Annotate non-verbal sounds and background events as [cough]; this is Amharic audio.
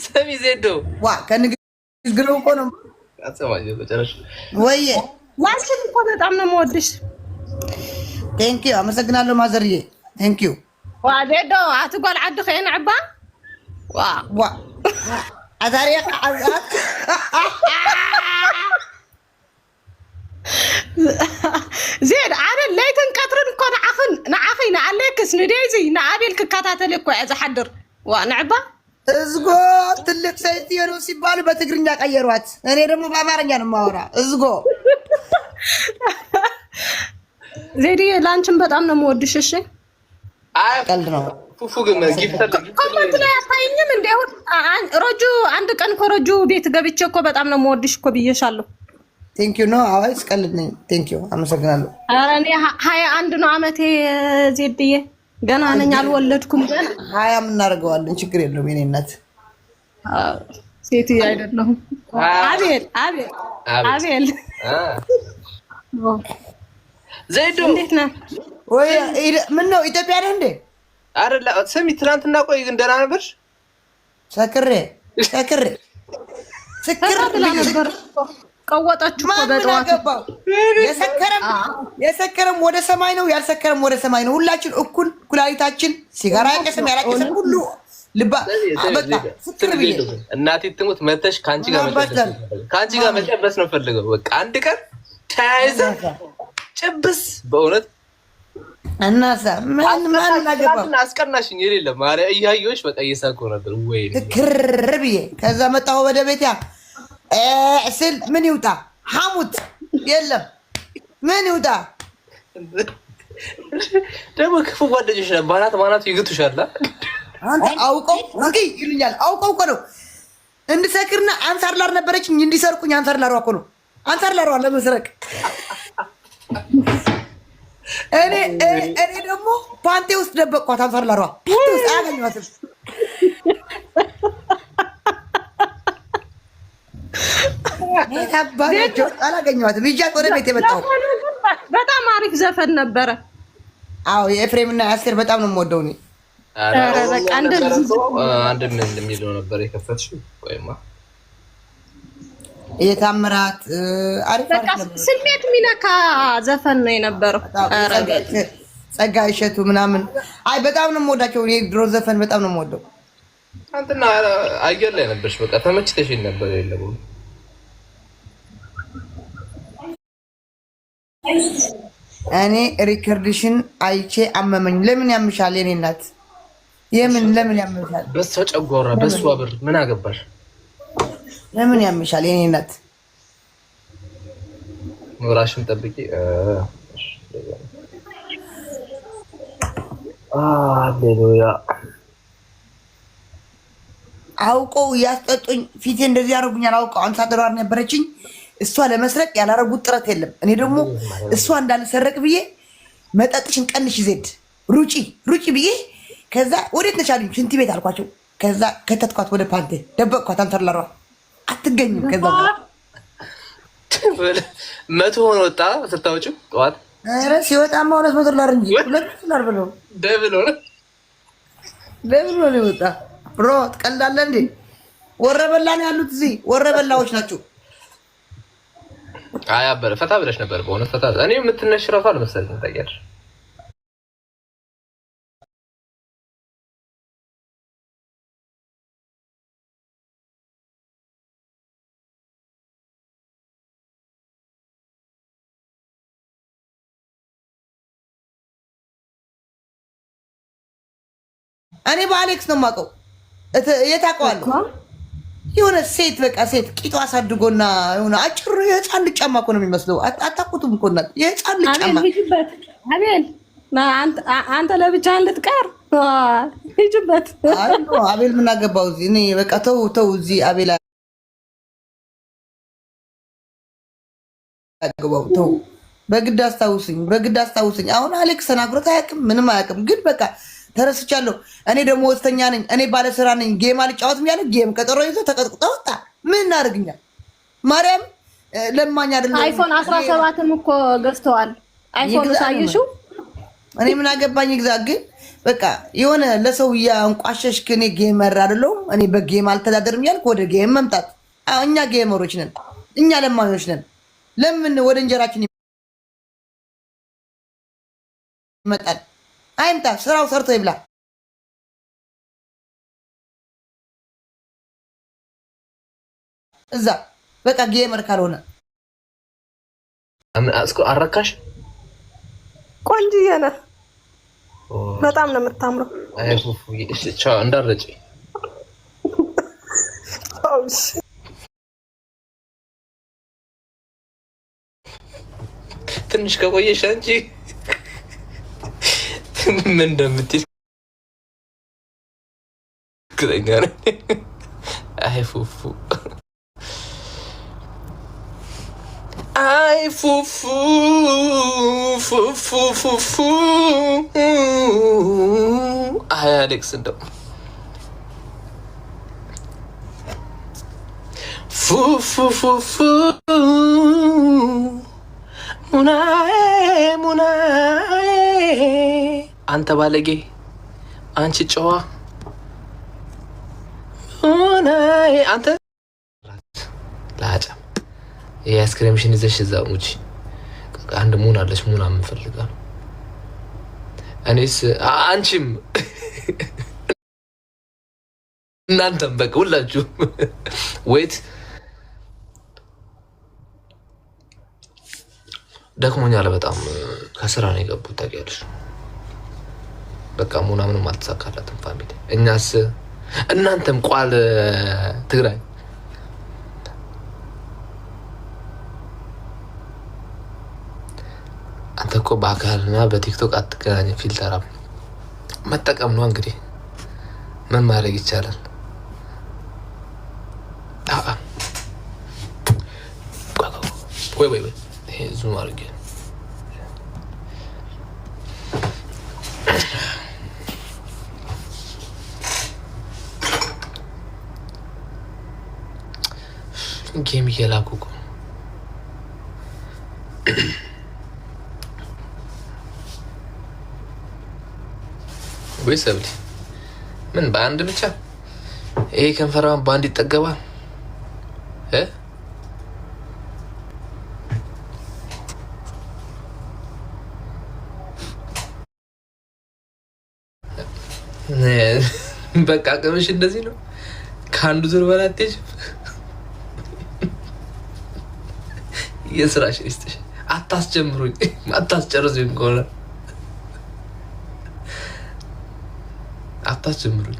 ሰሚ ዜዶ ዋ ከንግግር እኮ ነው ወይ ዋስል እኮ በጣም ነው የምወድሽ። ቴንኪዩ አመሰግናለሁ ማዘርዬ። ቴንኪዩ ዋ ዜዶ አትጓል ዓዲ ኸይን ዕባ ዋ ዋ አዛሪያ ዜድ ኣነ ለይትን ቀትርን እኮ ንዓኽን ንዓኸይ ንኣለክስ ንደይዚ ንኣቤል ክከታተል እኮ እየ ዝሓድር ዋ ንዕባ እዝጎ ትልቅ ሰይቲ የነው ሲባሉ በትግርኛ ቀየሯት። እኔ ደግሞ በአማርኛ ነው የማወራ። እዝጎ [laughs] ዜድዬ ላንችን በጣም ነው የምወድሽ። እሺ ቀልድ ነው። ኮመንት ላይ አታይኝም እንዲሁን ሮጁ አንድ ቀን ኮረጁ ቤት ገብቼ እኮ በጣም ነው የምወድሽ እኮ ብዬሻለሁ። ቴንኪ ዩ ነው አዋይ ስቀልድ ነኝ። ቴንኪ ዩ አመሰግናለሁ። እኔ ሀያ አንድ ነው አመቴ ዜድዬ፣ ገና ነኝ አልወለድኩም። ገና ሀያ የምናደርገዋለን ችግር የለውም። የኔ እናት ሴትዬ አይደለሁም። አቤል ዘይዱ እንዴት ነህ? ወይ ምን ነው ኢትዮጵያ ነህ እንዴ? አይደለ ስሚ፣ ትናንትና ቆይ ግን ደህና ነበርሽ? ሰክሬ ሰክሬ ስክር ብላ ነበር ቀወጣችሁ እኮ በጠዋት የሰከረም ወደ ሰማይ ነው፣ ያልሰከረም ወደ ሰማይ ነው። ሁላችን እኩል ኩላሊታችን ሲጋራ ሁሉ ልባ ፍቅር ብዬ እናቴ ትሙት መተሽ ከአንቺ ጋር ከአንቺ ጋር መጨበስ ነው ፈልገው በቃ አንድ ቀን ተያይዘ ጭብስ በእውነት እናሳ ምን ማን አስቀናሽኝ የሌለ ማርያም እያየሁሽ በቃ ነበር ወይ ብዬ ከዛ መጣሁ ወደ ቤት ያ ስል ምን ይውጣ ሐሙት የለም ምን ይውጣ። ደግሞ ክፉ ጓደኞች ነ ባናት ባናቱ ይግቱሻል። አንተ አውቀው ማኪ ይሉኛል። አውቀው እኮ ነው እንድሰክርና አንሳር ላር ነበረችኝ እንዲሰርቁኝ። አንሳር ላሯ እኮ ነው አንሳር ላሯ ለመስረቅ እኔ እኔ ደግሞ ፓንቴ ውስጥ ደበቅኳት። አንሳር ላሯ አያገኘኋትም አላገኘኋትም። ይዣት ወደ ቤት የመጣሁት በጣም አሪፍ ዘፈን ነበረ። አዎ የኤፍሬም የአስቴር በጣም ነው የምወደው እኔ። አንድ ምን ነበር የከፈትሽው? የታምራት አሪፍ ስሜት የሚነካ ዘፈን ነው የነበረው። ጸጋ እሸቱ ምናምን አይ በጣም ነው የምወዳቸው ድሮ ዘፈን በጣም ነው የምወደው። አንተና አየር ላይ ነበርሽ፣ በቃ ተመችተሽ ነበር የለም እኔ ሪከርድሽን አይቼ አመመኝ። ለምን ያምሻል? የኔ እናት የምን ለምን ያምሻል? በሷ ጨጓራ በሷ ብር ምን አገባሽ? ለምን ያምሻል? የኔ እናት ኑራሽን ጠብቂ። አሌሉያ። አውቀው እያስጠጡኝ ፊቴ እንደዚህ ያደርጉኛል። አውቀው አምሳ ነበረችኝ እሷ ለመስረቅ ያላረጉት ጥረት የለም። እኔ ደግሞ እሷ እንዳልሰረቅ ብዬ መጠጥሽን ቀንሽ ዜድ ሩጪ ሩጪ ብዬ ከዛ ወዴት ነሽ አሉኝ። ሽንት ቤት አልኳቸው። ከዛ ከተትኳት ወደ ፓንቴ ደበቅኳት። አንተርላሯ አትገኝም። ከዛ መቶ ሆነ ወጣ ስታወጪው ጠዋት ኧረ ሲወጣማ ሁለት መቶ ላር እንጂ ሁለት ዶላር ብሎ ደብሎ ደብሎ ነው የወጣ ብሮ። ትቀልዳለህ እንዴ? ወረበላ ነው ያሉት እዚህ ወረበላዎች ናቸው። አይ አበረ ፈታ ብለሽ ነበር። በሆነ ፈታ እኔ የምትነሽ እራሱ አልመሰለኝም። ታውቂያለሽ እኔ በአሌክስ ነው የማውቀው የታውቀዋለሁ የሆነ ሴት በቃ ሴት ቂጦ አሳድጎና የሆነ አጭር የህፃን ልጅ ጫማ እኮ ነው የሚመስለው። አታውቁትም እኮ እናት የህፃን ልጅ ጫማ። አቤል አንተ ለብቻህን ልትቀር ሂጅበት። አቤል ምን አገባው እዚህ? እኔ በቃ ተው ተው፣ እዚህ አቤል አገባው ተው። በግድ አስታውስኝ፣ በግድ አስታውስኝ። አሁን አሌክስ ተናግሮት አያውቅም፣ ምንም አያውቅም፣ ግን በቃ ተረስቻለሁ። እኔ ደግሞ ወስተኛ ነኝ፣ እኔ ባለስራ ነኝ፣ ጌም አልጫወትም ያለ ጌም ቀጠሮ ይዞ ተቀጥቅጦ ወጣ። ምን እናደርግኛል? ማርያም ለማኝ አይደለም። አይፎን አስራ ሰባትም እኮ ገዝተዋል። አይፎን ሳይሹ እኔ ምን አገባኝ? ግዛ ግን በቃ የሆነ ለሰው እያንቋሸሽክ እኔ ጌመር አይደለሁም እኔ በጌም አልተዳደርም ያልክ ወደ ጌም መምጣት እኛ ጌመሮች ነን፣ እኛ ለማኞች ነን። ለምን ወደ እንጀራችን ይመጣል? አይምጣ፣ ስራው ሰርቶ ይብላ። እዛ በቃ ጌመር ካልሆነ እስኩ አረካሽ ቆንጅዬ ነህ። በጣም ነው የምታምረው። እንዳረጭ ትንሽ ከቆየሽ አንቺ ምን እንደምትል እርግጠኛ ነኝ። አይ ፉፉ አይ ፉፉ ፉፉ ፉፉ አይ አሌክስ እንደው ፉፉፉፉ ሙናዬ ሙናዬ አንተ ባለጌ፣ አንቺ ጨዋ፣ አንተ ለአጨም የአይስክሪምሽን ይዘሽ እዛ ውጪ። አንድ ሙን አለች ሙን የምፈልጋ እኔስ አንቺም [laughs] እናንተም በቃ ሁላችሁ [laughs] ወይት ደክሞኛል። በጣም ከስራ ነው የገቡት ታውቂያለሽ። በቃ ሙና አልተሳካላትም። ፋሚሊ እኛስ እናንተም ቋል ትግራይ አንተ እኮ በአካልና በቲክቶክ አትገናኝ። ፊልተራ መጠቀም ነው እንግዲህ ምን ማድረግ ይቻላል? ወይ ወይ ወይ ይሄ ዙም አድርጌ ጌም እየላኩ እኮ ወይ ሰብሊ ምን በአንድ ብቻ ይሄ ከንፈራን በአንድ ይጠገባል እ በቃ ቅምሽ እንደዚህ ነው። ከአንዱ ዙር በላት የስራሽን ይስጥሽ። አታስጀምሩኝ፣ አታስጨርሱኝ ከሆነ አታስጀምሩኝ።